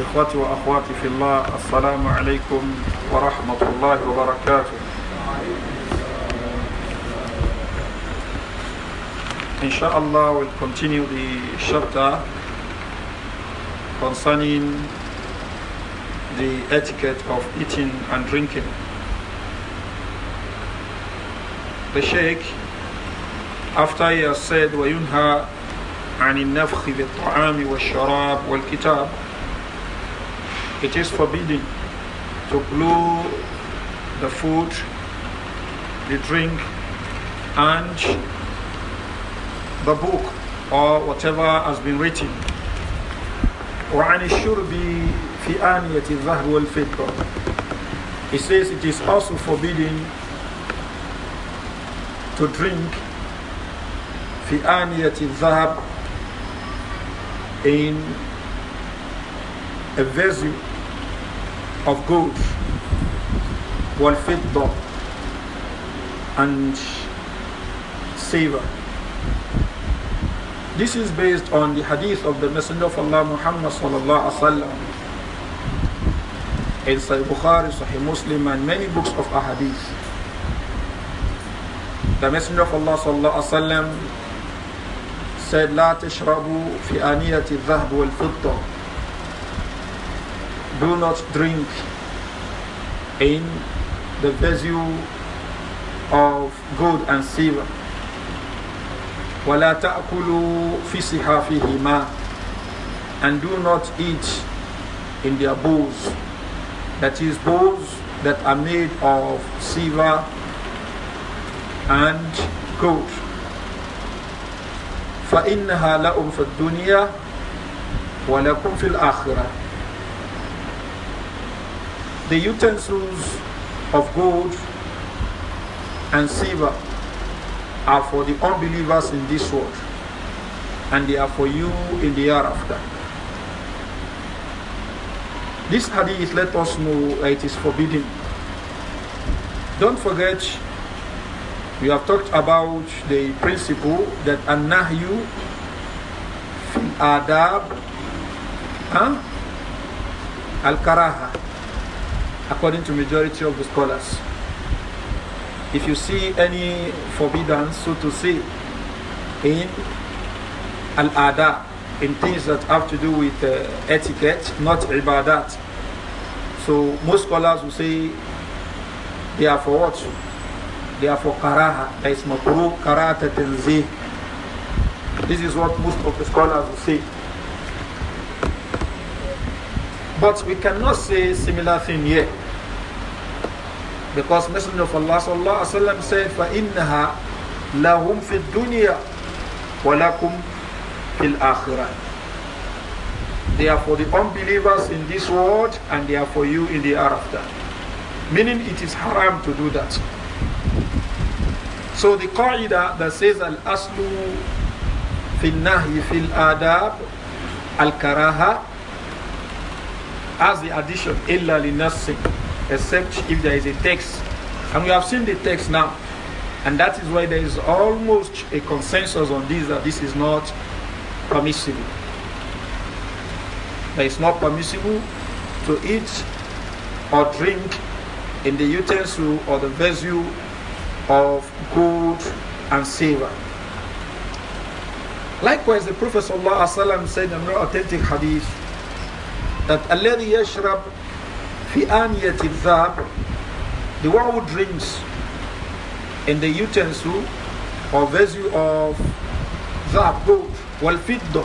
إخوتي وأخواتي في الله السلام عليكم ورحمة الله وبركاته Inshallah we'll continue the chapter concerning the etiquette of eating and drinking. The Sheikh, after he has said وَيُنْهَى عَنِ النَّفْخِ بِالطَّعَامِ وَالشَّرَابِ وَالْكِتَابِ it is forbidden to blow the food, the drink, and the book or whatever has been written. وعن الشرب في آنية He says it is also forbidden to drink في آنية in a vessel of gold والفضة and silver this is based on the hadith of the Messenger of Allah Muhammad sallallahu alaihi wasallam in Sahih Bukhari, Sahih Muslim, and many books of ahadith. The Messenger of Allah sallallahu alaihi wasallam said, "لا تشربوا في آنية الذهب والفضة." do not drink in the vessel of gold and silver ولا تأكلوا في صحافهما and do not eat in their bowls that is bowls that are made of silver and gold فإنها لهم في الدنيا ولكم في الآخرة the utensils of gold and silver are for the unbelievers in this world and they are for you in the hereafter. This hadith let us know that it is forbidden. Don't forget, we have talked about the principle that annahyu fil adab al karaha according to majority of the scholars. If you see any forbiddance, so to say, in al-ada, in things that have to do with uh, etiquette, not ibadat. So most scholars will say they are for what? They are for karaha. There is makruh, karata tenzih. This is what most of the scholars will say. But we cannot say similar thing here. Because Messenger of Allah sallallahu alaihi wasallam said, فَإِنَّهَا fi فِي الدُّنْيَا lakum فِي الْآخِرَةِ They are for the unbelievers in this world and they are for you in the hereafter. Meaning it is haram to do that. So the qaida that says al-aslu fil nahi fil adab al-karaha as the addition illa linassin except if there is a text. And we have seen the text now. And that is why there is almost a consensus on this that this is not permissible. That it's not permissible to eat or drink in the utensil or the vessel of gold and silver. Likewise, the Prophet ﷺ said in an authentic hadith that الذي yashrab. في آنية الذهب the one who drinks in the utensil or vessel of ذهب gold والفضة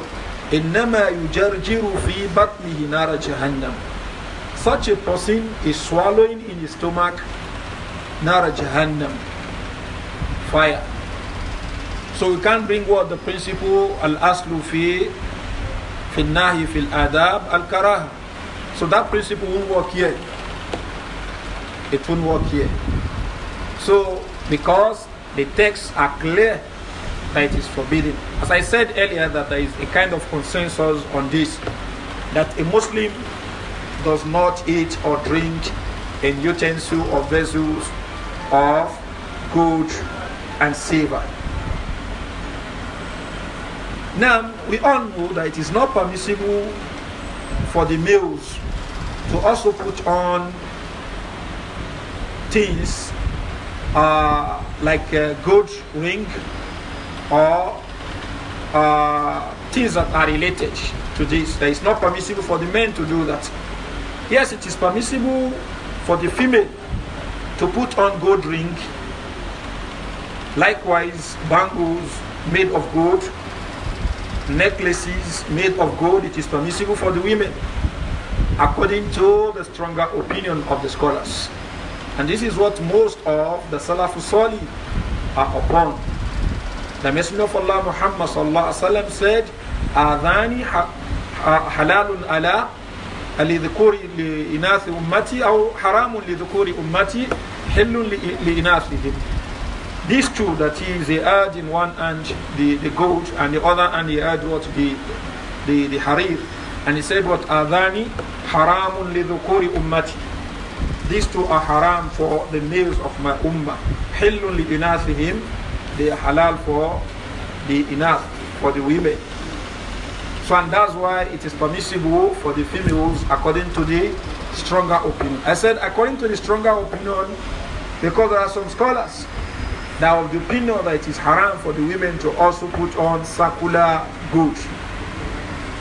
إنما يجرجر في بطنه نار جهنم such a person is swallowing in his stomach نار جهنم fire so we can't bring what the principle al-aslu fi في النهي في الآداب الكراهة So that principle won't work here. It won't work here. So because the texts are clear that it is forbidden. As I said earlier, that there is a kind of consensus on this that a Muslim does not eat or drink in utensil or vessels of gold and silver. Now, we all know that it is not permissible for the males to also put on things uh, like a gold ring or uh, things that are related to this. It's not permissible for the men to do that. Yes, it is permissible for the female to put on gold ring. Likewise, bangles made of gold, necklaces made of gold, it is permissible for the women according to the stronger opinion of the scholars. And this is what most of the Salafu Salih are upon. The Messenger of Allah Muhammad said, "Adhani halalun ala لذكور لإناث أمتي أو حرام لذكور أمتي حل لإناثهم." These two, that is, he add in one and the, the goat and the other and he add what the the, the harir. And he said, "What adhani these two are haram for the males of my ummah. Hillun li They are halal for the inath, for the women. So and that's why it is permissible for the females according to the stronger opinion. I said according to the stronger opinion because there are some scholars that of the opinion that it is haram for the women to also put on circular goods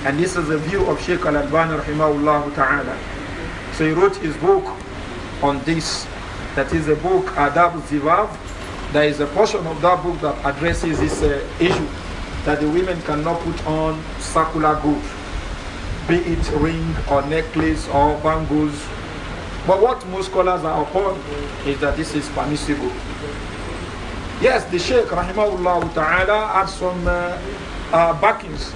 and this is the view of Sheikh Al-Albani rahimahullah ta'ala. So he wrote his book on this. That is a book Adab Zivav. There is a portion of that book that addresses this uh, issue that the women cannot put on circular gold, be it ring or necklace or bangles. But what most scholars are upon is that this is permissible. Yes, the Sheikh, rahimahullah ta'ala, had some uh, uh, backings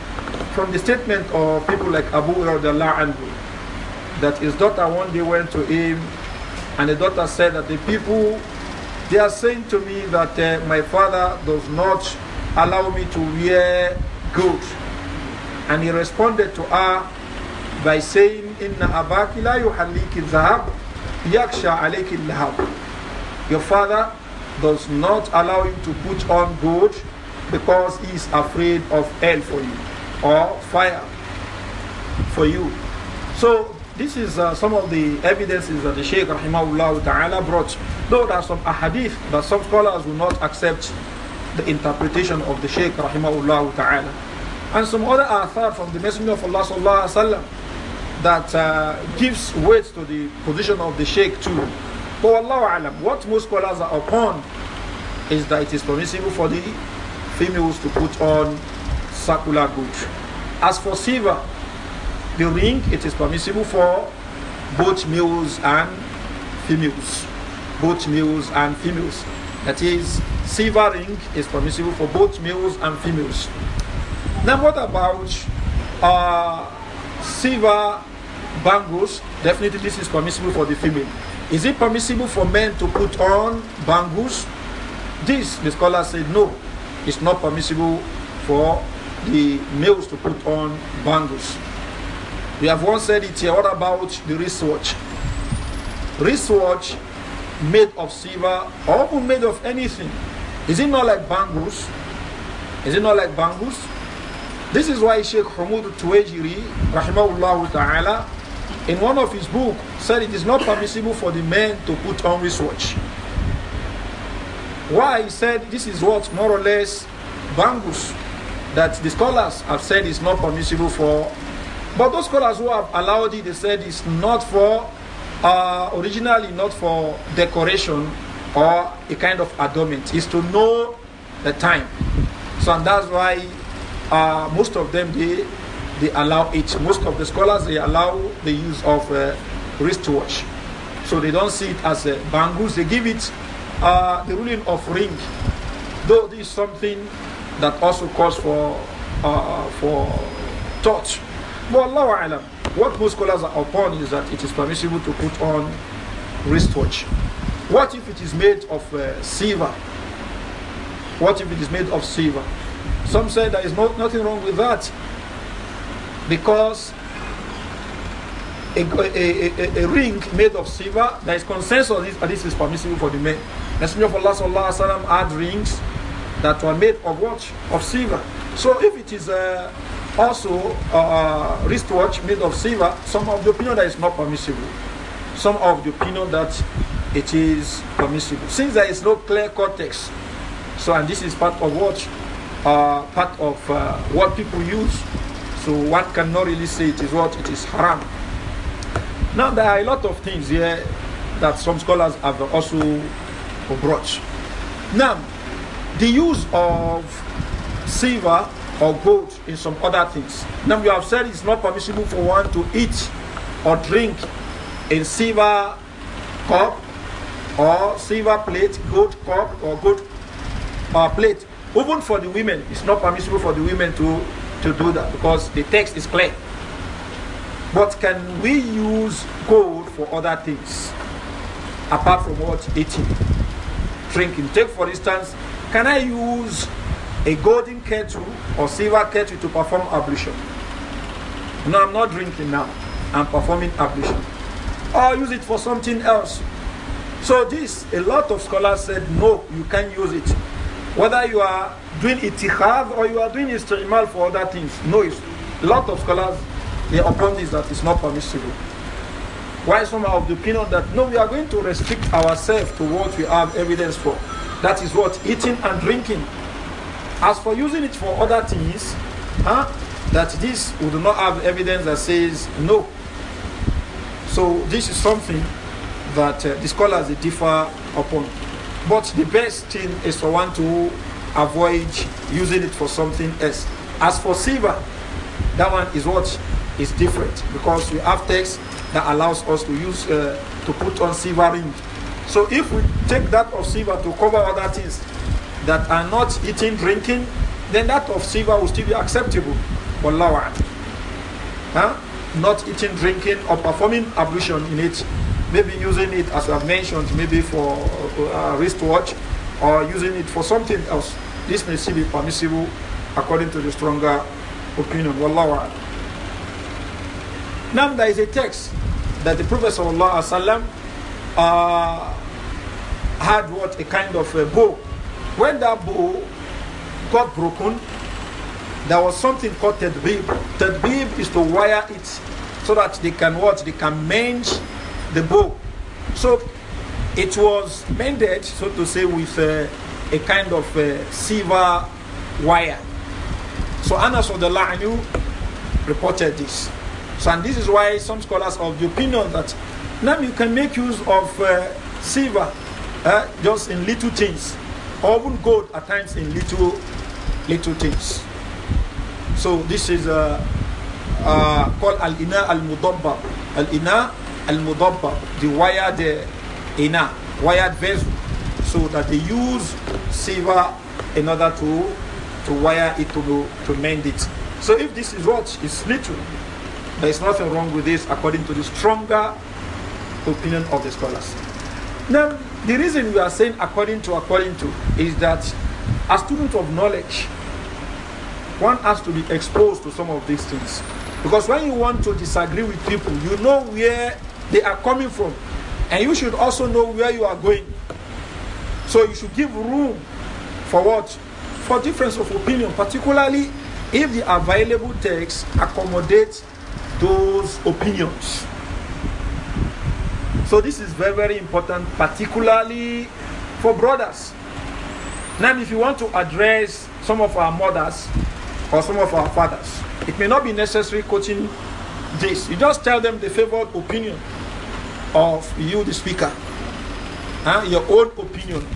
from the statement of people like Abu Radallah Anhu that his daughter one day went to him and the daughter said that the people they are saying to me that uh, my father does not allow me to wear gold. And he responded to her by saying, Inna abaki la yuhalliki zahab yaksha alayki lahab. Your father does not allow you to put on gold because he is afraid of hell for you or fire for you. So this is uh, some of the evidences that the Shaykh rahimahullah ta'ala brought. Though there are some ahadith that some scholars will not accept the interpretation of the Shaykh rahimahullah ta'ala. And some other athar from the Messenger of Allah sallallahu alaihi wasallam that uh, gives weight to the position of the Shaykh too. But Allah alam, what most scholars are upon is that it is permissible for the females to put on circular As for silver, the ring, it is permissible for both males and females. Both males and females. That is, silver ring is permissible for both males and females. Now, what about uh, silver bangles? Definitely, this is permissible for the female. Is it permissible for men to put on bangles? This, the scholar said, no, it's not permissible for the males to put on bangles. We have once said it here. What about the wristwatch? Wristwatch made of silver or made of anything. Is it not like bangles? Is it not like bangles? This is why Sheikh Hamud Tuwejiri, rahimahullah ta'ala, in one of his books said it is not permissible for the men to put on wristwatch. Why? He said this is what more or less bangles that the scholars have said is not permissible for. But those scholars who have allowed it, they said it's not for, uh, originally not for decoration or a kind of adornment. It's to know the time. So and that's why uh, most of them, they, they allow it. Most of the scholars, they allow the use of uh, wristwatch. So they don't see it as a uh, bangles. They give it uh, the ruling of ring. Though this is something that also calls for uh, uh for torch. But Allah alam, what most scholars are upon is that it is permissible to put on wristwatch. What if it is made of uh, silver? What if it is made of silver? Some say there is no, nothing wrong with that because a, a, a, a, ring made of silver, there is consensus that this is permissible for the men. Messenger of Allah sallallahu alaihi wasallam had rings that were made of watch Of silver. So if it is uh, also a uh, uh, wristwatch made of silver, some of the opinion that is not permissible. Some of the opinion that it is permissible. Since there is no clear context, so and this is part of what uh, part of uh, what people use. So one cannot really say it is what it is haram. Now there are a lot of things here that some scholars have also brought. Now the use of silver or gold in some other things. Now we have said it's not permissible for one to eat or drink in silver cup or silver plate, gold cup or gold uh, plate. Even for the women, it's not permissible for the women to, to do that because the text is clear. But can we use gold for other things apart from what eating, drinking? Take for instance can I use a golden kettle or silver kettle to perform ablution? No, I'm not drinking now. I'm performing ablution. Or use it for something else. So this, a lot of scholars said, no, you can't use it. Whether you are doing itihad or you are doing istimal for other things. No, it's, a lot of scholars, they upon this that it's not permissible. Why some are of the opinion that, no, we are going to restrict ourselves to what we have evidence for. That is what? Eating and drinking. As for using it for other things, huh? that this would not have evidence that says no. So this is something that uh, the scholars differ upon. But the best thing is for one to avoid using it for something else. As for silver, that one is what is different because we have texts that allows us to use uh, to put on silver ring so if we take that of silver to cover other things that are not eating, drinking, then that of silver will still be acceptable. Wallahu huh? Not eating, drinking, or performing ablution in it. Maybe using it, as I've mentioned, maybe for a uh, uh, wristwatch or using it for something else. This may still be permissible according to the stronger opinion. Wallahu Now there is a text that the Prophet sallallahu alaihi wasallam uh, had what a kind of a bow. When that bow got broken, there was something called tadbib. Tadbib is to wire it so that they can what they can mend the bow. So it was mended, so to say, with a, uh, a kind of a uh, silver wire. So Anas of the La'nu reported this. So and this is why some scholars of the opinion that now you can make use of uh, silver uh, just in little things, or even gold at times in little, little things. So this is uh, uh called al-ina al-mudabba. Al-ina al-mudabba, the wired uh, ina, wired vessel, so that they use silver in order to to wire it to, to mend it. So if this is what is little, there is nothing wrong with this according to the stronger opinion of the scholars. Now, the reason we are saying according to, according to, is that a student of knowledge, one has to be exposed to some of these things. Because when you want to disagree with people, you know where they are coming from. And you should also know where you are going. So you should give room for what? For difference of opinion, particularly if the available text accommodates those opinions. So this is very, very important, particularly for brothers. Now, if you want to address some of our mothers or some of our fathers, it may not be necessary quoting this. You just tell them the favored opinion of you, the speaker, huh? your own opinion.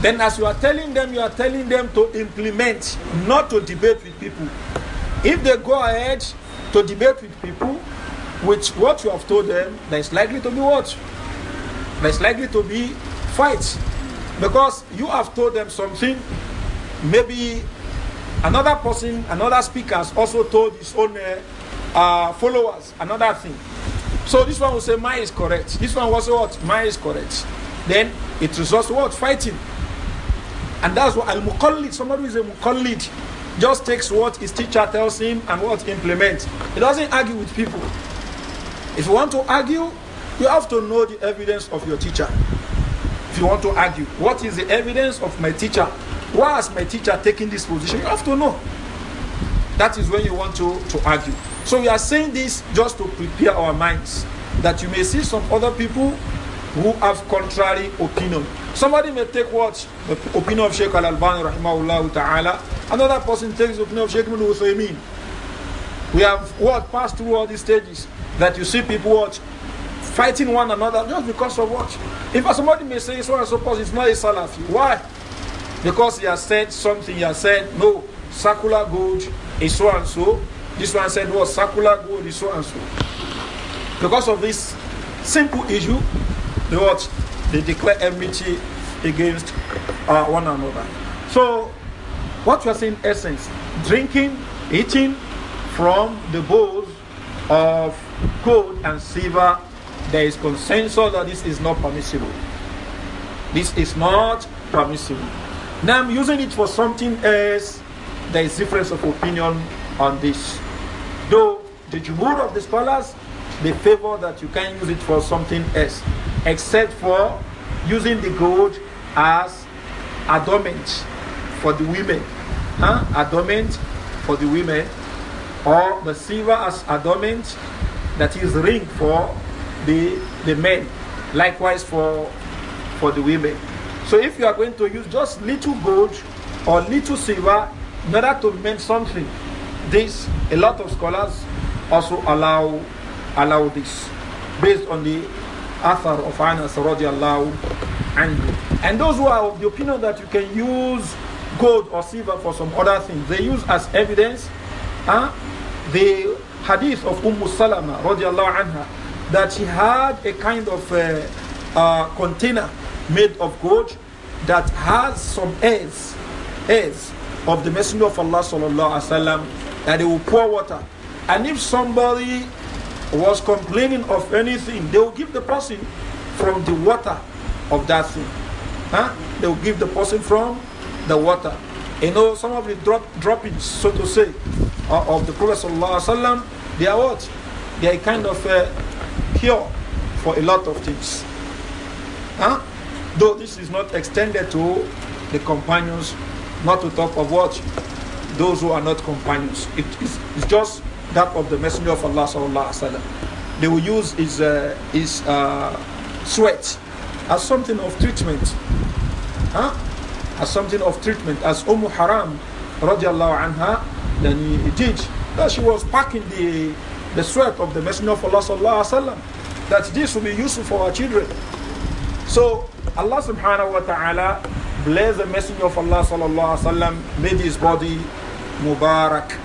Then, as you are telling them, you are telling them to implement, not to debate with people. If they go ahead to debate with people, with what you have told them, there is likely to be what? There is likely to be fights. Because you have told them something, maybe another person, another speaker has also told his own uh, uh followers another thing. So this one will say, mine is correct. This one will say what? Mine is correct. Then it results what? Fighting. And that's what Al-Muqallid, somebody who is a Muqallid, just takes what his teacher tells him and what implements. He doesn't argue with people. If you want to argue, you have to know the evidence of your teacher. If you want to argue, what is the evidence of my teacher? Why has my teacher taken this position? You have to know. That is when you want to, to argue. So we are saying this just to prepare our minds that you may see some other people who have contrary opinion. Somebody may take what? The opinion of Sheikh Al Albani, rahimahullah ta'ala. Another person takes the opinion of Sheikh Ibn Uthaymeen. We have what passed through all these stages that you see people what fighting one another just because of what? If somebody may say so and so person it's not a Salafi. Why? Because he has said something, he has said, no, circular gold is so and so. This one said, what circular gold is so and so. Because of this simple issue, they what? They declare enmity against uh, one another. So, what you are saying, essence, drinking, eating from the bowls of gold and silver, there is consensus that this is not permissible. This is not permissible. Now I'm using it for something else. There is difference of opinion on this. Though the jumhur of the scholars, they favor that you can use it for something else, except for using the gold as adornment for the women. Huh? Adornment for the women, or the silver as adornment that is ring for the the men likewise for for the women so if you are going to use just little gold or little silver in order to mean something this a lot of scholars also allow allow this based on the author of Anas radiallahu and And those who are of the opinion that you can use gold or silver for some other things, they use as evidence huh, the hadith of Umm Salama radiallahu anha that she had a kind of a, uh, a container made of gold that has some hairs, hairs of the Messenger of Allah sallallahu alaihi wasallam that they will pour water. And if somebody was complaining of anything, they will give the person from the water of that thing. Huh? They will give the person from the water. You know, some of the drop, droppings, so to say, uh, of the Prophet wasallam, they are what? They are a kind of a uh, cure for a lot of things. Huh? Though this is not extended to the companions, not to talk of what? Those who are not companions. It is it's just that of the Messenger of Allah sallallahu alaihi wasallam. They will use his, uh, his uh, sweat as something of treatment. Huh? As something of treatment. As Umm Haram radiallahu anha than he did. That she was packing the, the sweat of the Messenger of Allah sallallahu alaihi That this will be useful for our children. So Allah subhanahu wa ta'ala blessed the Messenger of Allah sallallahu alaihi made his body mubarak,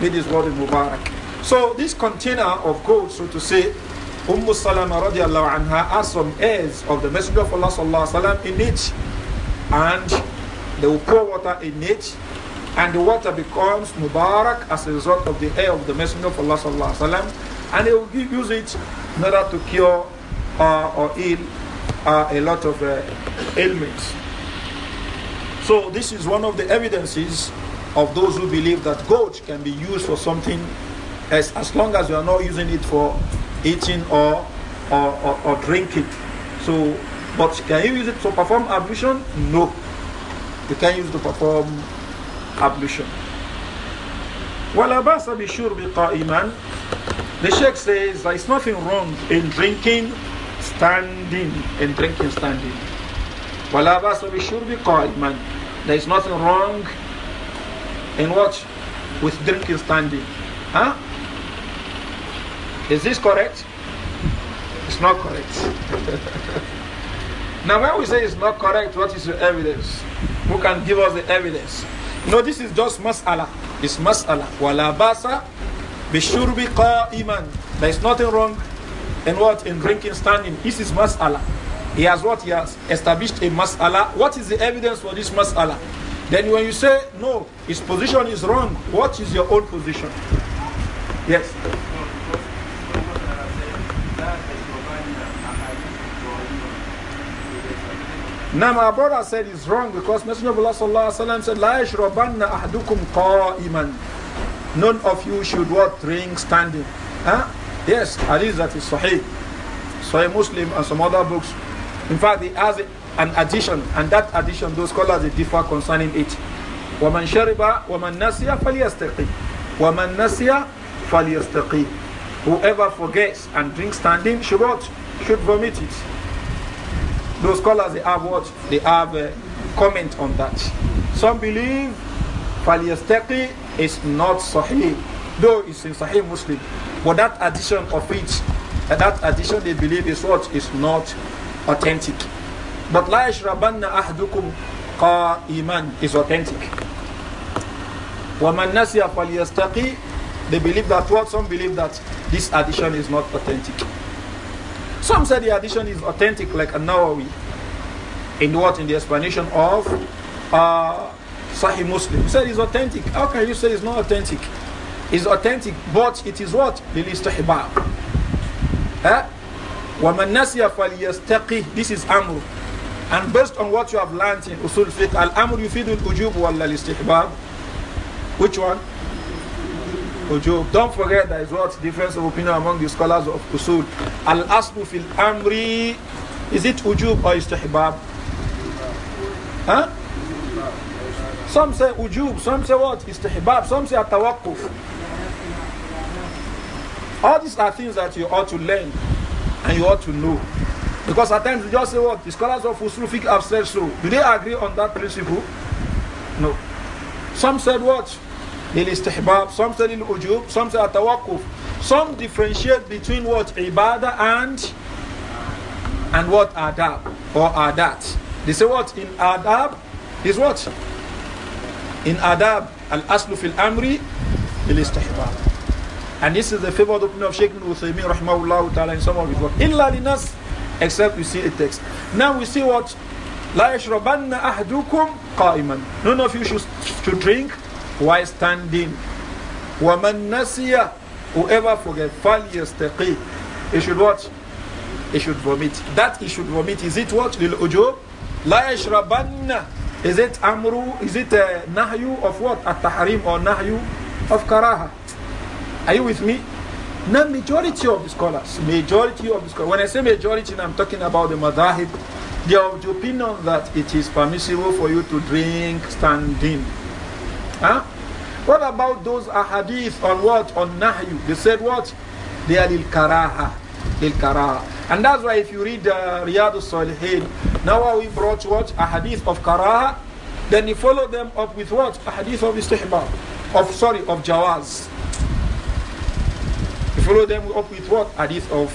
made his body mubarak. So this container of gold, so to say, Umm Salama radiallahu anha has some heirs of the Messenger of Allah sallallahu alaihi in it, and they will pour water in it and the water becomes mubarak as a result of the air of the messenger of allah sallallahu alaihi wasallam and he will use it in order to cure uh, or heal uh, a lot of uh, ailments so this is one of the evidences of those who believe that goat can be used for something as, as long as you are not using it for eating or or, or, or drinking so but can you use it to perform ablution no you can use it to perform ablution. وَلَبَاسَ بِشُرْبِ قَائِمًا The Sheikh says there is nothing wrong in drinking standing, in drinking standing. وَلَبَاسَ بِشُرْبِ قَائِمًا There is nothing wrong in what? With drinking standing. Huh? Is this correct? It's not correct. now when we say it's not correct, what is the evidence? Who can give us the evidence? No, this is just mas'ala. It's mas'ala. Wala basa bishurbi qa'iman. There is nothing wrong in what? In drinking standing. This is mas'ala. He has what? He has established a mas'ala. What is the evidence for this mas'ala? Then when you say, no, his position is wrong, what is your own position? Yes. Now my brother said it's wrong because Messenger of Allah sallallahu alaihi wasallam said, "La yashrabanna ahdukum qa'iman." None of you should what drink standing. Huh? Yes, hadith that is Sahih, Sahih Muslim, and some other books. In fact, it has an addition, and that addition, those scholars they differ concerning it. وَمَنْ شَرِبَ وَمَنْ نَسِيَ فَلْيَسْتَقِي وَمَنْ نَسِيَ فَلْيَسْتَقِي Whoever forgets and drinks standing should what? Should vomit it. Those scholars, they have what? They have a comment on that. Some believe Faliyastaqi is not Sahih, though it's in Sahih Muslim. But that addition of it, uh, that addition they believe is what? Is not authentic. But La Ishrabanna Ahdukum Qa'iman is authentic. وَمَنْ نَسِيَ فَلْيَسْتَقِي They believe that what? Some believe that this addition is not authentic. Some say the addition is authentic, like an Nawawi. In what? In the explanation of uh, Sahih Muslim. He said it's authentic. How can you say it's not authentic? It's authentic, but it is what? What Eh? وَمَنْ نَسِيَ فَلْيَسْتَقِهِ This is Amr. And based on what you have learned in Usul Fiqh, Al-Amr yufidul ujub wal istihbab. Which one? Ujub. Don't forget that is what difference of opinion among the scholars of Usul. Al Aslu fil Amri, is it Ujub or Istihbab? Huh? Some say Ujub, some say what? Istihbab, some say Atawakuf. All these are things that you ought to learn and you ought to know. Because at times you just say what? The scholars of Usul think have said so. Do they agree on that principle? No. Some said what? للاستحباب some say للوجوب some say التوقف some differentiate between what ibadah and and what adab or adat they say what in adab is what in adab al-aslu fil amri lil-istihbab and this is the favorite opinion of Sheikh Uthaymeen rahmahullah ta'ala in some of his work. Illa linas, except we see a text. Now we see what? La yashrabanna ahdukum qa'iman. None of you should, should drink while standing. وَمَنْ نَسِيَ Whoever forget, فَلْيَسْتَقِي He should what? He should vomit. That he should vomit. Is it what? لِلْأُجُوبِ لَا يَشْرَبَنَّ Is it amru? Is it uh, nahyu of what? At-tahrim or nahyu of karaha? Are you with me? Now majority of the scholars, majority of the scholars, when I say majority, I'm talking about the madahib, they are of the opinion that it is permissible for you to drink standing. Huh? What about those ahadith on what? On Nahyu. They said what? They are lil karaha. Lil karaha. And that's why if you read uh, Riyadh salihin now we brought what? Ahadith of karaha. Then he followed them up with what? Ahadith of istihbab. Of, sorry, of jawaz. He follow them up with what? Hadith of.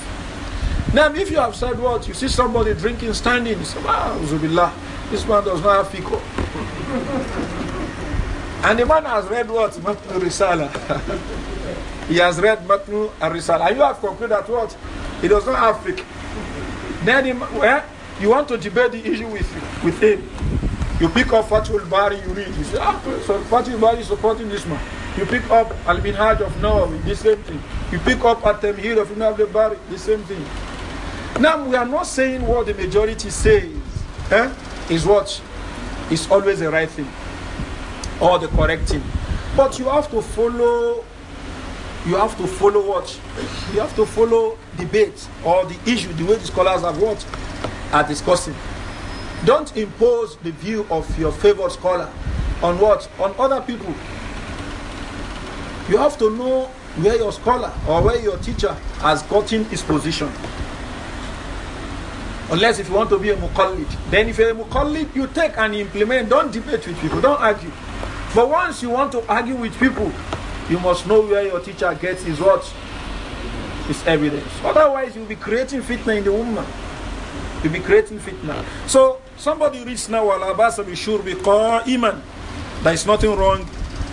Now, if you have said what? You see somebody drinking standing, you say, ah, Zubillah, this man does not have fiqh. And the man has read what? Matnu Risala. he has read Matnu Risala. And you have concluded that what? He does not have faith. Then him, well, eh? you want to debate the issue with, with him. You pick up Fatul Bari, you read. You say, ah, so Fatul Bari is supporting this man. You pick up Al Minhaj of Nawawi, the same thing. You pick up Atem Hir of Ibn Bari, the same thing. Now, we are not saying what the majority says eh? is what is always the right thing or the correcting, But you have to follow, you have to follow what? You have to follow debates or the issue, the way the scholars have what? Are discussing. Don't impose the view of your favorite scholar on what? On other people. You have to know where your scholar or where your teacher has gotten his position. Unless if you want to be a muqallid. Then if you're a muqallid, you take and implement. Don't debate with people. Don't argue. But once you want to argue with people, you must know where your teacher gets his what? His evidence. Otherwise, you'll be creating fitna in the ummah. You'll be creating fitna. So, somebody reads now, Al-Abasa sure shur call qa'iman. There is nothing wrong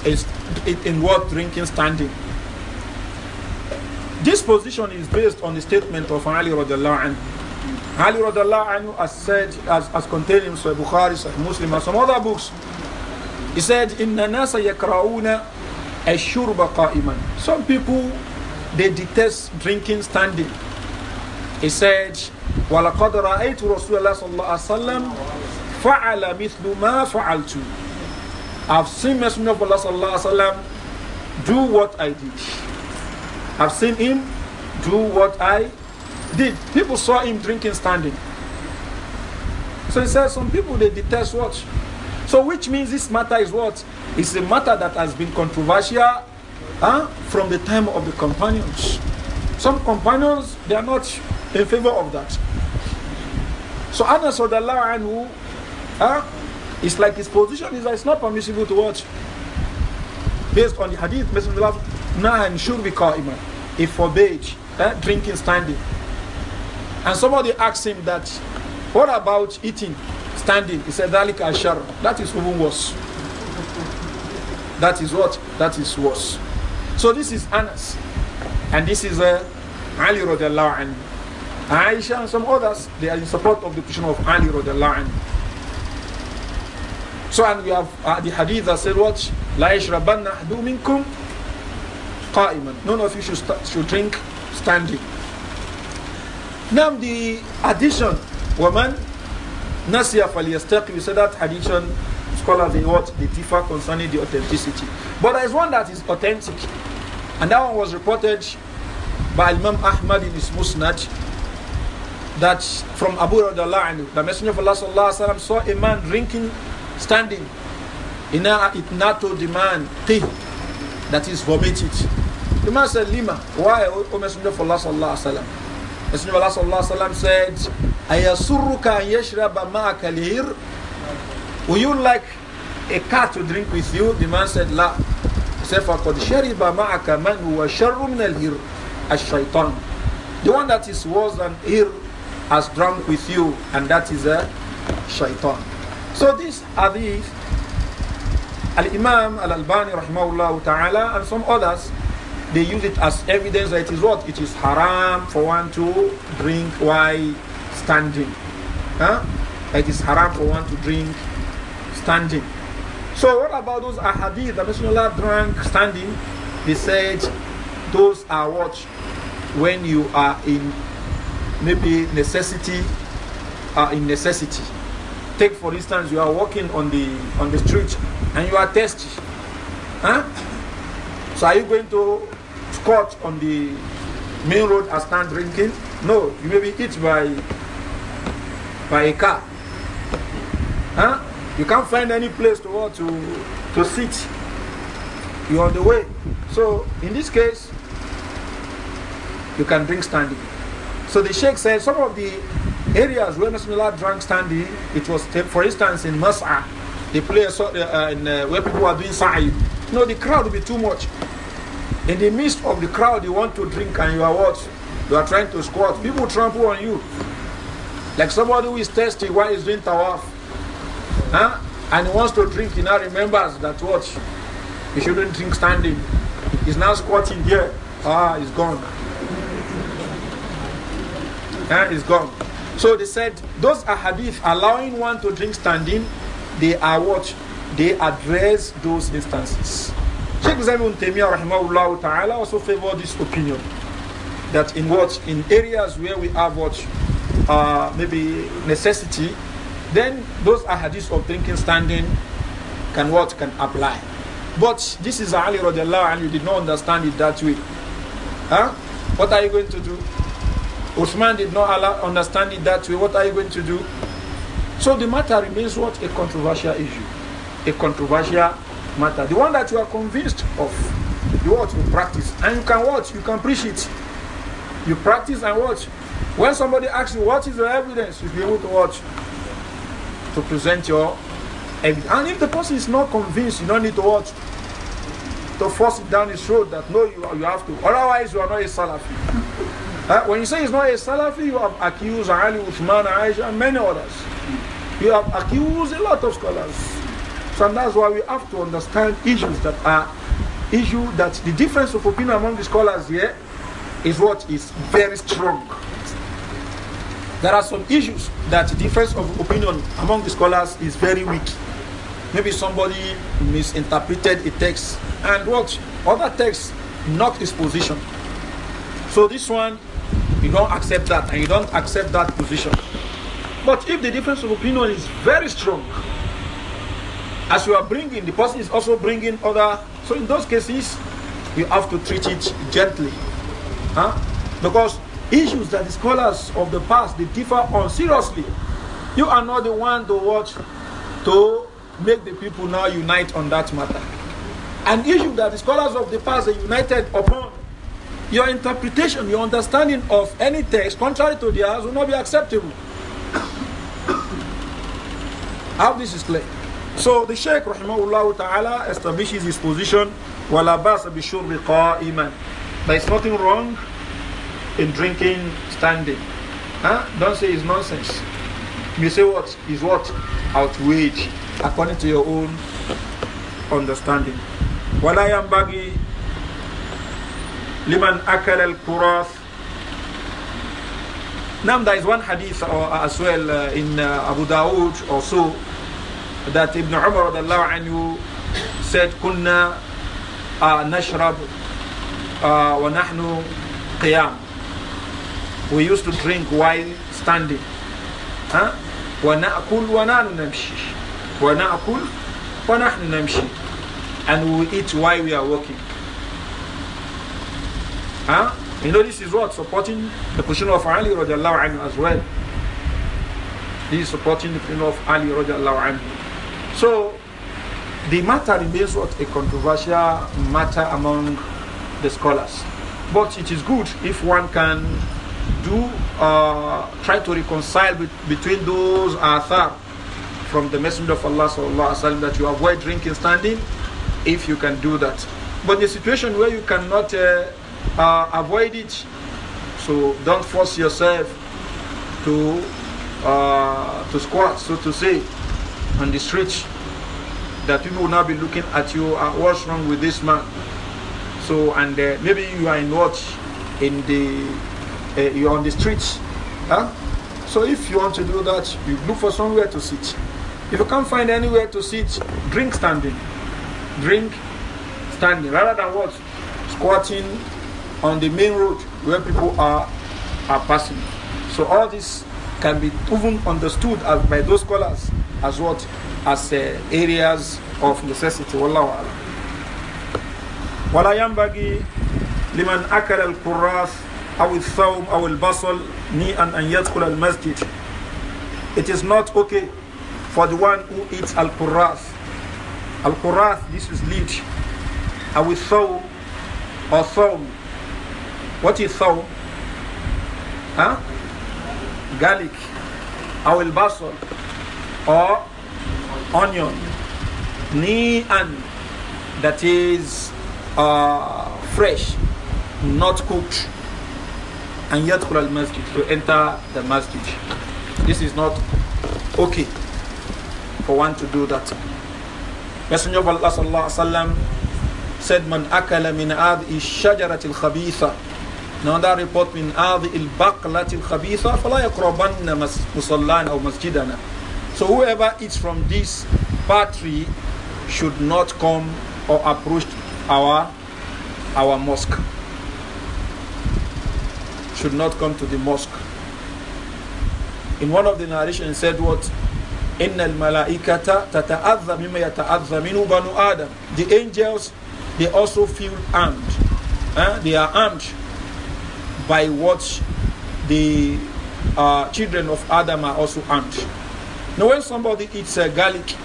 in what drinking standing. This position is based on the statement of Ali radiallahu anhu. Ali radiallahu anhu has said, as as contained in Sahih Bukhari, Sahih Muslim, and some other books he said, Inna nasa yakrauna ashurba qa'iman. Some people, they detest drinking standing. He said, وَلَقَدْ رَأَيْتُ رَسُولَ اللَّهِ صَلَّى اللَّهُ عَلَيْهِ وَسَلَّمَ فَعَلَ مِثْلُ مَا فَعَلْتُ I've seen Messenger of Allah sallallahu alaihi wasallam do what I did. I've seen him do what I did. People saw him drinking standing. So he said, some people, they detest what? So which means this matter is what? It's a matter that has been controversial huh, from the time of the companions. Some companions, they are not in favor of that. So Anas anhu, huh, it's like his position is that it's not permissible to watch. Based on the hadith, Messenger of Allah, and should be iman. He forbade eh, drinking standing. And somebody asked him that, what about eating? standing, he said, Dalik Ashar. That is even worse. That is what? That is worse. So this is Anas. And this is uh, Ali radiallahu anhu. Aisha and some others, they are in support of the position of Ali radiallahu anhu. So and we have uh, the hadith that said what? لا يشربن أحد منكم قائما. None of you should, should drink standing. Now the addition, woman Nasiya Faliyastaqi, we said that addition scholars they what they differ concerning the authenticity. But there is one that is authentic, and that one was reported by Imam Ahmad in his Musnad that from Abu Radallah, the Messenger of Allah وسلم, saw a man drinking standing. in a itnato the man that is vomited. The man said, Lima, why, O Messenger of Allah? Messenger of Allah said, Ayasurruka yashraba ma'aka lihir. Would you like a cat to drink with you? The man said, La. He said, فَقَدْ شَرِبَ مَعَكَ مَنْ هُوَ شَرُّ مِنَ الْهِرْ الشَّيْطَانِ The one that is worse than hir has drunk with you, and that is a shaitan. So this hadith, Al-Imam Al-Albani rahimahullah ta'ala and some others, they use it as evidence that it is what? It is haram for one to drink while standing. Huh? It is haram for one to drink standing. So what about those ahadith that Messenger drank standing? They said those are what when you are in maybe necessity are in necessity. Take for instance you are walking on the on the street and you are thirsty. Huh? So are you going to caught on the main road and stand drinking. No, you may be hit by by a car. Huh? You can't find any place to to to sit. You're on the way. So in this case, you can drink standing. So the Sheikh said some of the areas where Nasrullah drank standing, it was for instance in Mas'a, the place uh, in, uh, where people are doing sa'i. You no, know, the crowd will be too much. In the midst of the crowd, you want to drink and you are what? You are trying to squat. People trample on you. Like somebody who is thirsty while he's doing tawaf. Huh? And he wants to drink, he now remembers that what? He shouldn't drink standing. He's now squatting here. Ah, he's gone. Ah, He's gone. So they said those are hadith allowing one to drink standing, they are what? They address those instances. Sheikh Zaymun Temiyah rahimahullah ta'ala also favored this opinion that in what in areas where we have what uh, maybe necessity, then those ahadith of drinking standing can what can apply. But this is Ali radiallahu and you did not understand it that way. Huh? What are you going to do? Uthman did not allow, understand it that way. What are you going to do? So the matter remains what? A controversial issue. A controversial matter. The one that you are convinced of, you what you practice. And you can watch, You can preach it. You practice and watch. When somebody asks you what is your evidence, you'll be able to watch to present your evidence. And if the person is not convinced, you don't need to watch to force it down his throat that no, you, you have to. Otherwise, you are not a Salafi. Uh, when you say he's not a Salafi, you have accused Ali, Uthman, Aisha, and many others. You have accused a lot of scholars. So and that's why we have to understand issues that are issue that the difference of opinion among the scholars here is what is very strong. There are some issues that the difference of opinion among the scholars is very weak. Maybe somebody misinterpreted a text and what other texts not his position. So this one, you don't accept that and you don't accept that position. But if the difference of opinion is very strong, as you are bringing, the person is also bringing other. So in those cases, you have to treat it gently. Huh? Because issues that the scholars of the past they differ on seriously. You are not the one to watch to make the people now unite on that matter. An issue that the scholars of the past are united upon. Your interpretation, your understanding of any text contrary to theirs will not be acceptable. How this is clear. So the Shaykh rahimahullah ta'ala establishes his position وَلَا بَاسَ بِشُرْبِ قَائِمًا There is nothing wrong in drinking standing. Huh? Don't say it's nonsense. You say what is what? Outweighed according to your own understanding. وَلَا يَنْبَغِي لِمَنْ أَكَلَ الْكُرَاثِ Now there is one hadith uh, as well uh, in uh, Abu Dawood also that Ibn Umar anhu said, Kunna uh, nashrab uh, wa nahnu qiyam. We used to drink while standing. Huh? ونأكل ونحن نمشي ونأكل ونحن نمشي and we eat while we are walking huh? you know this is what supporting the position of Ali radiallahu anhu as well this is supporting the position of Ali radiallahu so the matter remains what a controversial matter among the scholars. But it is good if one can do uh, try to reconcile between those athar from the Messenger of Allah sallallahu alaihi wasallam that you avoid drinking standing, if you can do that. But the situation where you cannot uh, uh, avoid it, so don't force yourself to uh, to squat, so to say on the streets that people will now be looking at you uh, what's wrong with this man so and uh, maybe you are in what in the uh, you're on the streets huh? so if you want to do that you look for somewhere to sit if you can't find anywhere to sit drink standing drink standing rather than what squatting on the main road where people are are passing so all this can be even understood as, by those scholars as what? As uh, areas of necessity. Wallahu alam. ولا ينبغي لمن أكل الكراث أو الثوم أو البصل نيئا أن يدخل المسجد. It is not okay for the one who eats al-kurath. Al-kurath, this is lead. أو thawm, or thawm. What is thawm? Huh? garlic, أو البصل or onion and that is uh, fresh not cooked and yet يدخل masjid to enter the masjid this is not okay for one to do that Messenger of Allah sallallahu alaihi wasallam said من أكل من هذه al الخبيثة now that report من آذي البقلة الخبيثة فلا يقربن مصلان أو masjidana, So whoever eats from this battery should not come or approach our our mosque. Should not come to the mosque. In one of the narrations, said what? إن الملائكة تتأذى مما يتأذى منه بنو آدم. The angels, they also feel armed. Eh? They are armed by what the uh, children of Adam are also armed. Now, when somebody eats uh, garlic,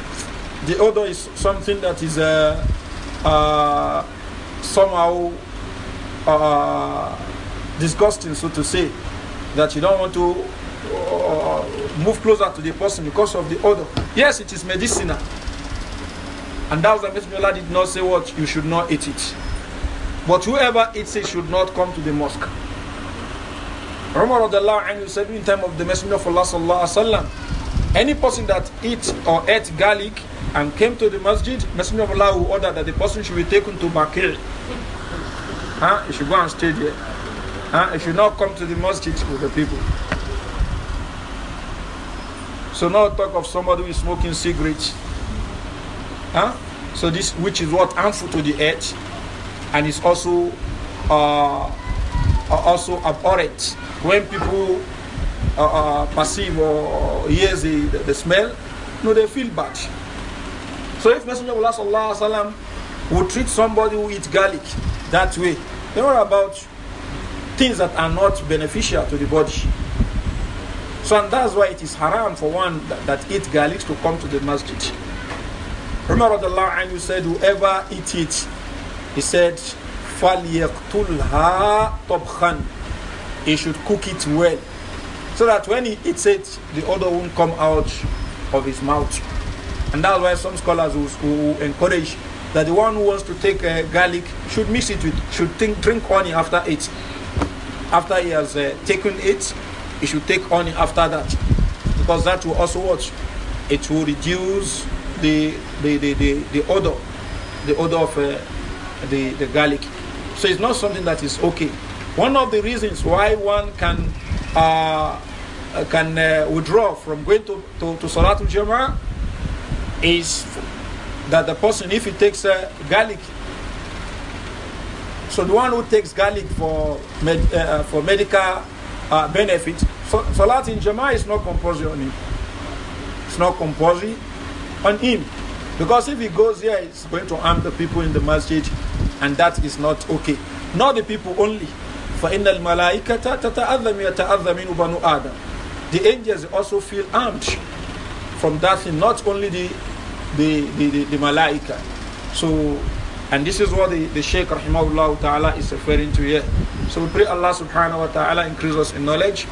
the odor is something that is uh, uh, somehow uh, disgusting, so to say, that you don't want to uh, move closer to the person because of the odor. Yes, it is medicinal. And that's the reason Allah did not say what you should not eat it. But whoever eats it should not come to the mosque. Umar anhu said in time of the Messenger of Allah sallallahu alaihi wasallam, any person that eats or ate garlic and came to the masjid, Messenger of Allah will order that the person should be taken to Bakir. Huh? He should go and stay there. Huh? He should not come to the masjid with the people. So now talk of somebody who is smoking cigarettes. Huh? So this, which is what harmful to the earth, and is also uh, are also abhorrent. When people uh, uh, perceive or hear the, the, the smell, no, they feel bad. So if Messenger of Allah sallam, would treat somebody who eats garlic that way, they are about things that are not beneficial to the body. So and that's why it is haram for one that, that eats garlic to come to the masjid. Remember the law and you said whoever eats it, he said فَلْيَقْتُلْهَا طَبْخًا He should cook it well. So that when he eats it, the odor won't come out of his mouth. And that's why some scholars who, encourage that the one who wants to take uh, garlic should mix it with, should think, drink honey after it. After he has uh, taken it, he should take honey after that. Because that will also what? It will reduce the, the, the, the, the odor, the odor of uh, the, the garlic. So it's not something that is okay. One of the reasons why one can uh, uh can uh, withdraw from going to, to, to Salatul Jama'ah is that the person, if he takes uh, garlic, so the one who takes garlic for, med, uh, uh for medical uh, benefit, so, Salat in Jama'ah is not compulsory on him. It's not compulsory on him. Because if he goes here, it's going to harm the people in the masjid and that is not okay. Not the people only. فَإِنَّ الْمَلَائِكَةَ تَتَأَذَّمْ يَتَأَذَّ مِنْهُ بَنُو آدَمَ The angels also feel armed from that thing, not only the, the, the, the, the malaika. So, and this is what the, the Shaykh rahimahullah ta'ala is referring to here. So we pray Allah subhanahu wa ta'ala increase us in knowledge.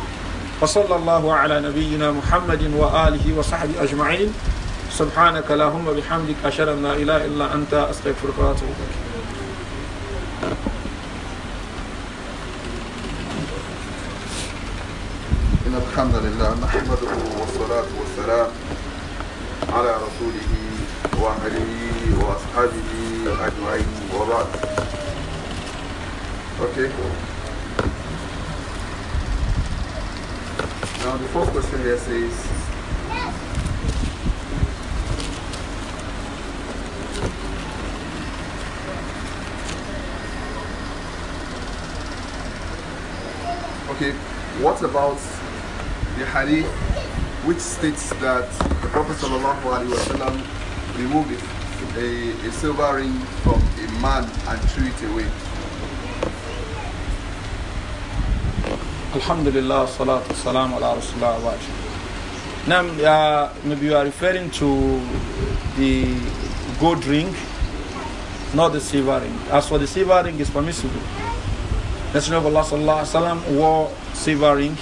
وصلى الله على نبينا محمد وآله وصحبه أجمعين سبحانك اللهم بحمدك أشهد أن لا إله إلا أنت أستغفرك وأتوب إليك الحمد لله نحمده والصلاة والسلام على رسوله وأهله وأصحابه أجمعين وبعد Okay. Now the first question here says Okay, what about the hadith which states that the Prophet ﷺ removed a, a silver ring from a man and threw it away. Alhamdulillah, salatu salam ala rasulullah wa Now, uh, maybe you are referring to the gold ring, not the silver ring. As for the silver ring, is permissible. Messenger of Allah sallallahu alaihi wasallam wore silver ring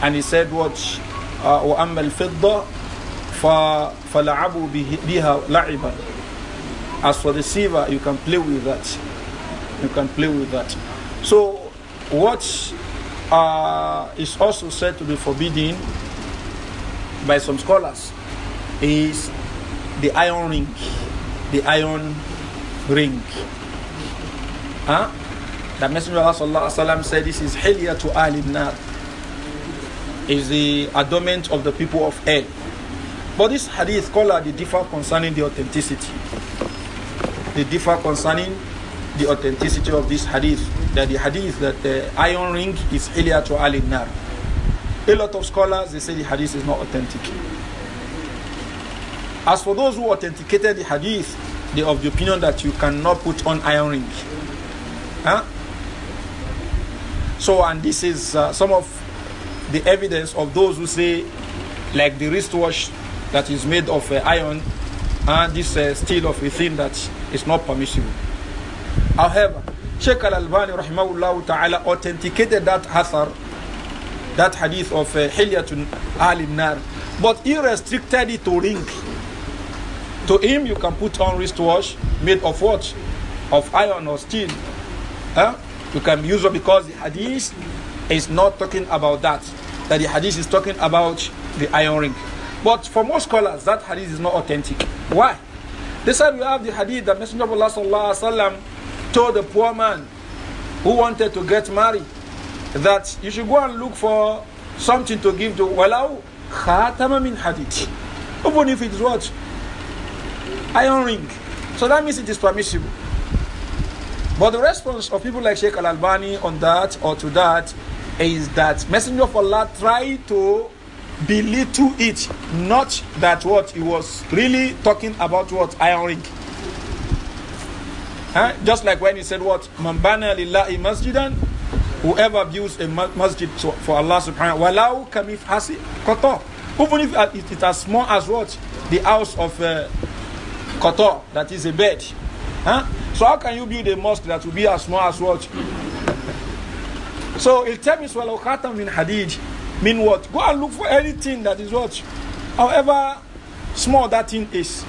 and he said, Watch, وَأَمَّا uh, الْفِضَّةِ As for the silver, you can play with that. You can play with that. So, what uh, is also said to be forbidden by some scholars is the iron ring. The iron ring. Huh? The Messenger of Allah said this is hilya to al-nar is the adornment of the people of hell. But this hadith scholar they differ concerning the authenticity. They differ concerning the authenticity of this hadith. That the hadith that the uh, iron ring is Ilya to Ali Nar. A lot of scholars they say the hadith is not authentic. As for those who authenticated the hadith, they of the opinion that you cannot put on iron ring. Huh? So, and this is uh, some of the evidence of those who say, like the wristwatch that is made of uh, iron, and this uh, steel of a thing that is not permissible. However, Sheikh Al Albani ta'ala authenticated that hathar, that hadith of uh, Al Nar, but he restricted it to ring. To him, you can put on wristwatch made of what? Of iron or steel. Huh? You can use it because the hadith is not talking about that. That the hadith is talking about the iron ring. But for most scholars, that hadith is not authentic. Why? They said we have the hadith that Messenger of Allah sallallahu alaihi told the poor man who wanted to get married that you should go and look for something to give to walau khatama min hadith. Even if it's what? Iron ring. So that means it is permissible. But the response of people like Sheikh Al Albani on that or to that is that Messenger of Allah tried to belittle it, not that what he was really talking about what iron ring. Huh? Just like when he said what Mambana lillahi masjidan, whoever builds a masjid for Allah subhanahu wa Taala, Even if it is as small as what the house of uh, that is a bed. Huh? So how can you build a mosque that will be as small as what so iltamis walau khatam min hadid. Mean what? Go and look for anything that is what? However small that thing is.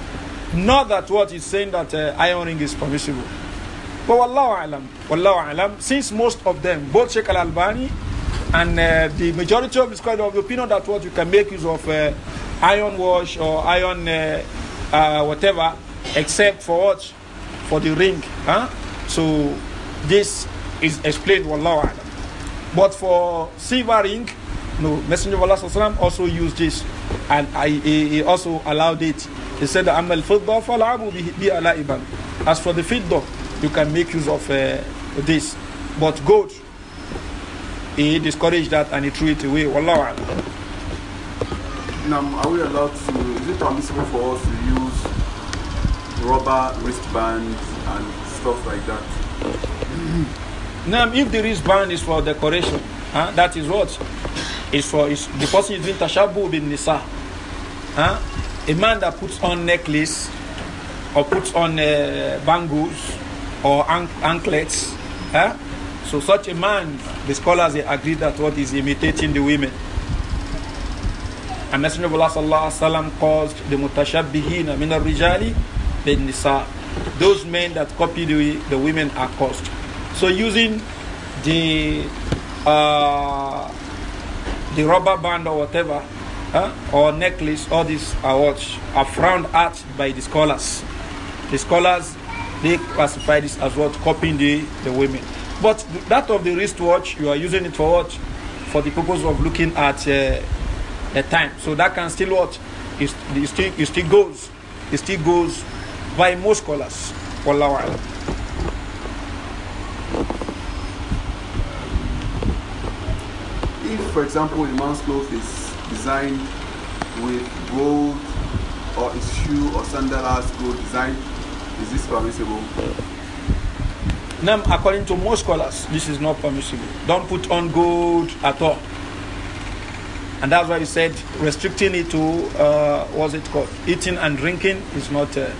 Not that what is saying that uh, iron ring is permissible. But wallahu alam, wallahu alam, since most of them, both Sheikh al-Albani and uh, the majority of the scholars of the opinion that what you can make use of uh, iron wash or iron uh, uh whatever, except for what? For the ring. Huh? So this is explained, wallahu alam. But for silver ring, no, Messenger of Allah also used this and I, he, he also allowed it. He said, Amal will be bi ala'iban. As for the dog, you can make use of uh, this. But gold, he discouraged that and he threw it away. Wallahu Now, are we allowed to, is it permissible for us to use rubber wristbands and stuff like that? Now, if the wristband is for decoration, huh, that is what? It's for it's, the person is doing tashabu bin nisa. Huh? A man that puts on necklace or puts on uh, bangles or anklets. Huh? So such a man, the scholars they agree that what is imitating the women. And Messenger of Allah sallallahu alaihi wasallam calls the mutashabbihina min al-rijali bin nisa. Those men that copy the, the women are cursed. So using the uh, the rubber band or whatever, huh? or necklace, all these watch are frowned at by the scholars. The scholars they classify this as what copying the, the women. But that of the wristwatch, you are using it for what? For the purpose of looking at uh, the time. So that can still what? It, still, it still goes. It still goes by most scholars. a while. if, for example, a man's clothes is designed with gold or his shoe or sandal has gold design, is this permissible? Now, according to most scholars, this is not permissible. Don't put on gold at all. And that's why you said restricting it to, uh, what's it called? Eating and drinking is not. Uh,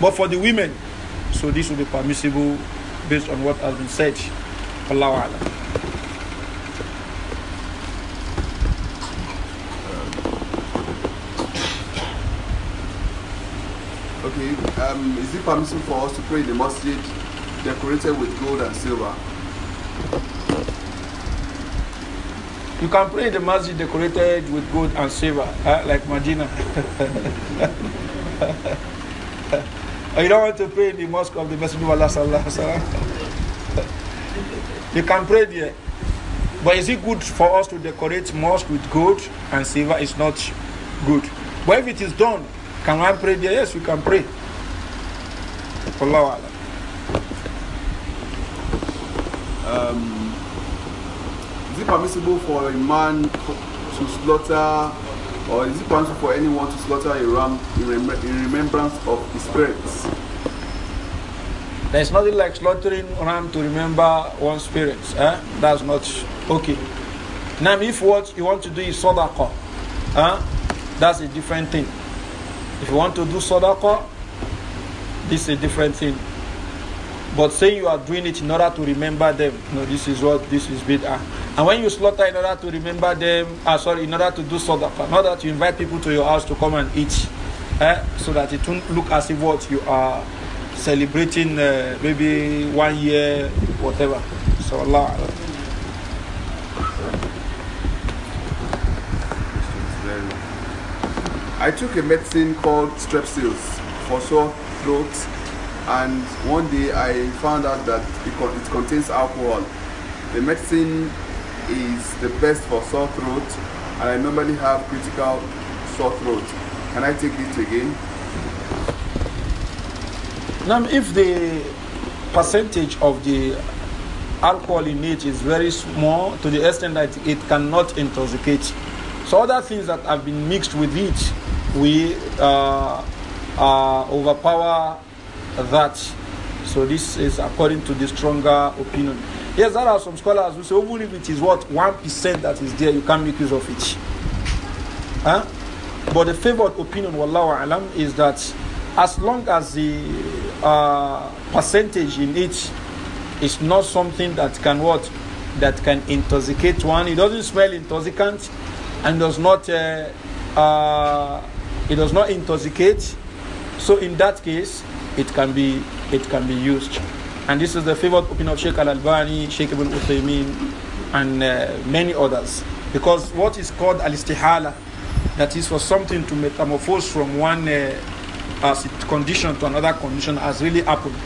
but for the women, so this will be permissible based on what has been said. Allahu um, is it permissible for us to pray in the masjid decorated with gold and silver? You can pray in the masjid decorated with gold and silver, uh, like Medina. Oh, you don't want to pray in the mosque of the Messenger of Allah. Sallallahu you can pray there. But is it good for us to decorate mosque with gold and silver? It's not good. But if it is done, can one pray there? Yes, we can pray. والله um, is it permissible for a man to slaughter or is it permissible for anyone to slaughter a ram in, rem in remembrance of his spirits? there's nothing like slaughtering ram to remember one's parents eh? that's not okay now if what you want to do is sadaqah eh? that's a different thing if you want to do sadaqah this is a different thing. But say you are doing it in order to remember them. No, this is what this is bid'ah. And when you slaughter in order to remember them, uh, sorry, in order to do sadaqah, not that you invite people to your house to come and eat, eh? so that it won't look as if what you are celebrating uh, maybe one year, whatever. So Allah. I took a medicine called strepsils for sore Throat, and one day I found out that it, it contains alcohol. The medicine is the best for sore throat and I normally have critical sore throat. Can I take it again? Now if the percentage of the alcohol in it is very small to the extent that it cannot intoxicate. So other things that have been mixed with it, we uh, uh, overpower that. So this is according to the stronger opinion. Yes, there are some scholars who say only which is what one percent that is there, you can't make use of it. Huh? But the favored opinion, wallahu alam, is that as long as the uh, percentage in it is not something that can what that can intoxicate one, it doesn't smell intoxicant and does not uh, uh, it does not intoxicate so in that case, it can be it can be used. And this is the favorite opinion of Sheikh Al Albani, Sheikh Ibn Uthaymeen, and uh, many others. Because what is called al istihala, that is for something to metamorphose from one uh, condition to another condition, has really happened.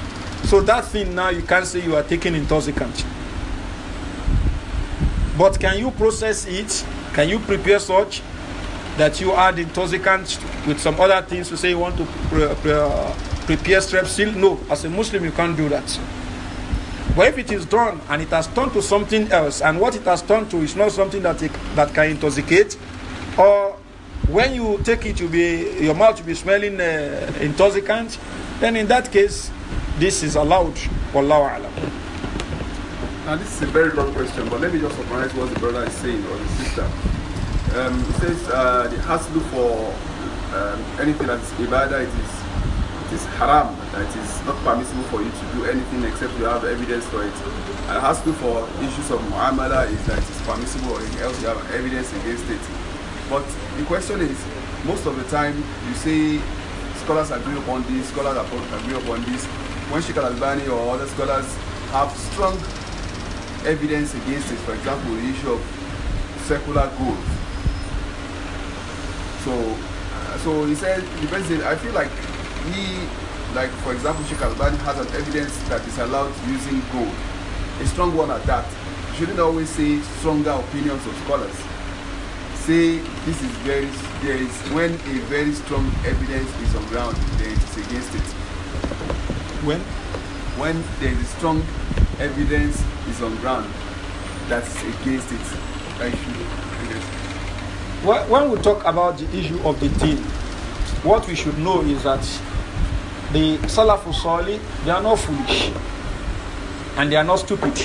So that thing now you can say you are taking intoxicant. But can you process it? Can you prepare such? that you add intoxicants with some other things to say you want to pre- pre- uh, prepare strepsil. No, as a Muslim, you can't do that. But if it is done and it has turned to something else, and what it has turned to is not something that, it, that can intoxicate, or when you take it, you be, your mouth will be smelling uh, intoxicant, then in that case, this is allowed. Wallahu alam. Now, this is a very long question, but let me just summarize what the brother is saying or the sister um, it says uh, the do for um, anything that's ibadah, it is, it is haram, it is not permissible for you to do anything except you have evidence for it. And do for issues of muamala is that it is permissible or else you have evidence against it. But the question is, most of the time you say scholars agree upon this, scholars agree upon this. When Sheikh Al-Albani or other scholars have strong evidence against it, for example, the issue of secular goods. So, uh, so he said, the president, I feel like he, like for example, Sheikh Albani has an evidence that is allowed using gold, a strong one at that. You shouldn't always say stronger opinions of scholars. Say this is very, there is when a very strong evidence is on ground, then it is against it. When? When there is strong evidence is on ground, that's against it. I feel when we talk about the issue of the deen, what we should know is that the Salafu Sali, they are not foolish and they are not stupid.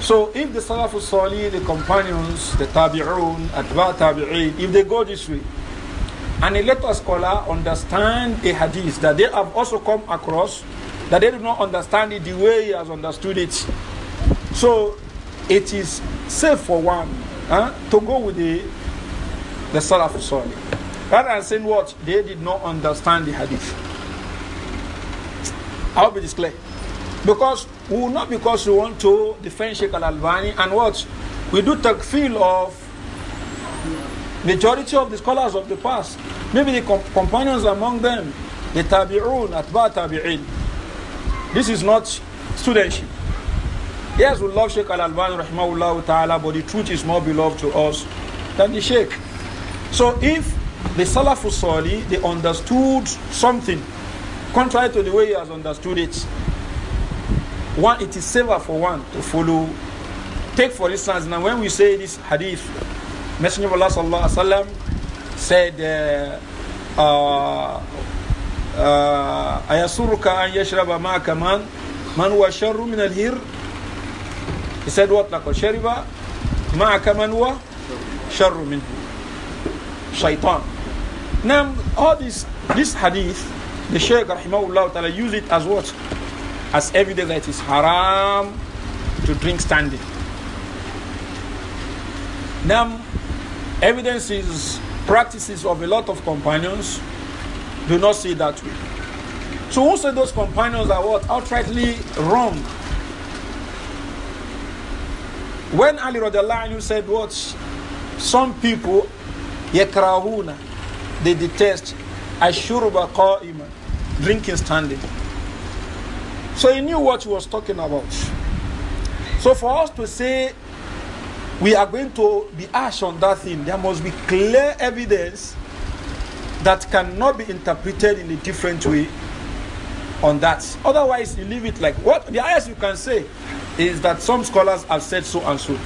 So if the Salafu Sali, the companions, the Tabi'un, Adwa Tabi'in, if they go this way, and a later scholar understand a hadith that they have also come across, that they do not understand it the way he has understood it. So it is safe for one huh, to go with the the Salaf Salih. Rather than saying what? They did not understand the hadith. I hope it clear. Because we not because we want to defend Sheikh Al Albani and what? We do take feel of majority of the scholars of the past. Maybe the comp companions among them, the tabi'un, atba tabi'in. This is not studentship. Yes, we love Sheikh Al Albani rahimahullah ta'ala, but the truth is more beloved to us than the Sheikh. So if the Salafus Sali, they understood something contrary to the way he has understood it, one, it is safer for one to follow. Take for instance, now when we say this hadith, Messenger of Allah sallallahu alaihi wasallam said, uh, uh, uh "Ayasuruka an yashraba ma'aka man man huwa sharru min al-hir." He said, وَطْلَقَ شَرِبَ مَعَكَ مَنْ هُوَ sharru مِنْهُ Shaitan. Now, all this, this hadith, the Shaykh rahimahullah ta'ala use it as what? As evidence that it's haram to drink standing. Now, evidence is practices of a lot of companions do not see that way. So also those companions are what outrightly wrong when Ali radiallahu you said what? Some people, yakrahuna, they detest ashurba qa'iman, drinking standing. So he knew what he was talking about. So for us to say we are going to be ash on that thing, there must be clear evidence that cannot be interpreted in a different way on that. Otherwise, you leave it like what the highest you can say is that some scholars have said so and so.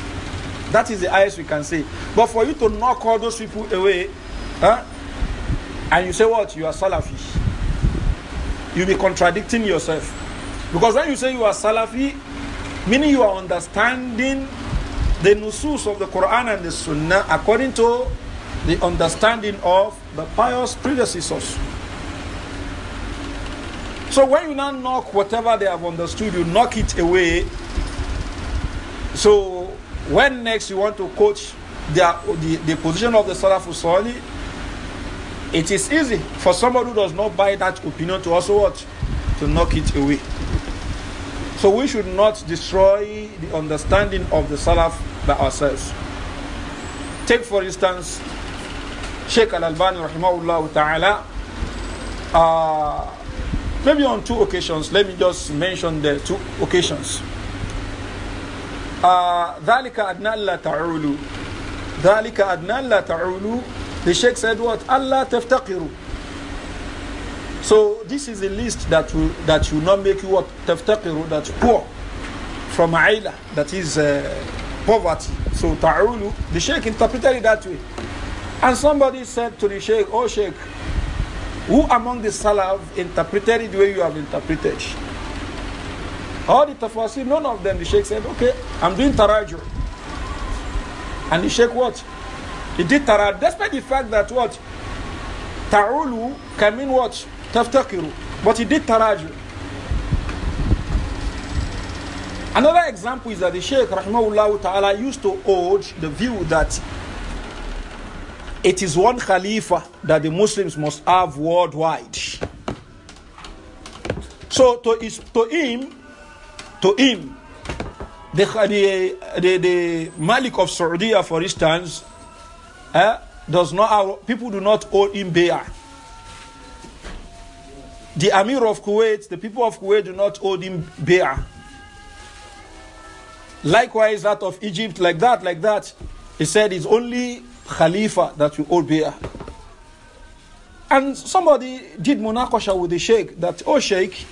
That is the highest we can say. But for you to knock all those people away, huh? and you say what? You are Salafi. You'll be contradicting yourself. Because when you say you are Salafi, meaning you are understanding the nusus of the Quran and the Sunnah according to the understanding of the pious predecessors. So when you now knock whatever they have understood, you knock it away so when next you want to coach the, the, the position of the Salafus Sali, it is easy for somebody who does not buy that opinion to also watch To knock it away. So we should not destroy the understanding of the Salaf by ourselves. Take for instance, Sheikh Al-Albani rahimahullah ta'ala, uh, maybe on two occasions, let me just mention the two occasions. ذلك أدنى ألا تعولوا ذلك أدنى The Sheikh said what? Allah تفتقروا So this is a list that will, that will not make you what? تفتقروا That's poor From aila That is uh, poverty So تعولوا The Sheikh interpreted it that way And somebody said to the Sheikh Oh Sheikh Who among the Salaf interpreted it the way you have interpreted all the tafsir, none of them, the Sheikh said, okay, I'm doing tarajur. And the Sheikh what? He did tarajur, despite the fact that what? Ta'ulu can mean what? Taftakiru. But he did tarajur. Another example is that the Sheikh Rahimahullah Ta'ala used to urge the view that it is one Khalifa that the Muslims must have worldwide. So to, his, to him, to him. The, uh, the, uh, the, the Malik of Saudi, for instance, eh, does not have, people do not owe him bayah. The Amir of Kuwait, the people of Kuwait do not owe him bayah. Likewise, that of Egypt, like that, like that. He said it's only Khalifa that you owe bayah. And somebody did munakosha with the Sheikh that, oh Sheikh,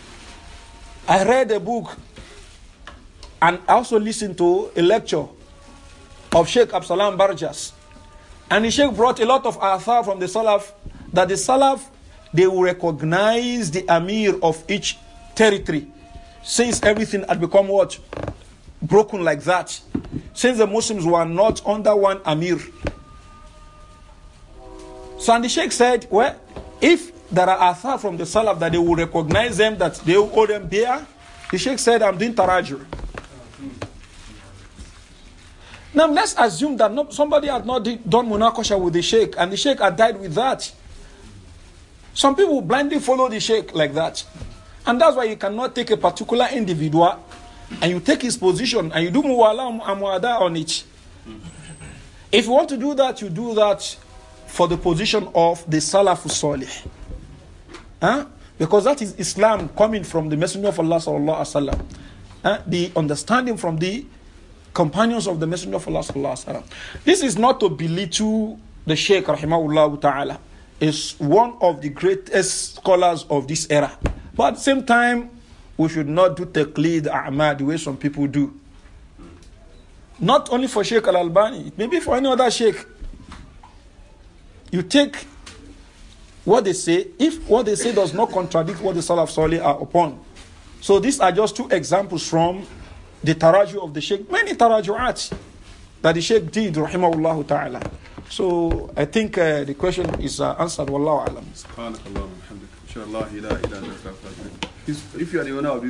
I read a book and also listened to a lecture of Sheikh Absalam Barjas. And the Sheikh brought a lot of athar from the Salaf that the Salaf they will recognize the Amir of each territory. Since everything had become what? Broken like that. Since the Muslims were not under one Amir. So and the Sheikh said, Well, if there are athar from the Salaf that they will recognize them, that they will hold them there, the Sheikh said, I'm doing Tarajur. Now let's assume that somebody had not done munakosha with the sheikh and the sheikh had died with that. Some people blindly follow the sheikh like that. And that's why you cannot take a particular individual and you take his position and you do muwala amwada on it. If you want to do that, you do that for the position of the Salafus Salih. Huh? Because that is Islam coming from the Messenger of Allah sallallahu alaihi wasallam uh, the understanding from the companions of the Messenger of Allah. Sallallahu this is not to belittle the Shaykh Rahimahullah Ta'ala. Is one of the greatest scholars of this era. But at the same time, we should not do taqlid a'ma the way some people do. Not only for Sheikh Al Albani, maybe for any other Sheikh. You take what they say, if what they say does not contradict what the Salaf Salih are upon, so these are just two examples from the taraju of the sheikh. Many taraju'at that the sheikh did, rahimahullah ta'ala. So I think uh, the question is uh, answered, wallahu alam. If you are the owner of this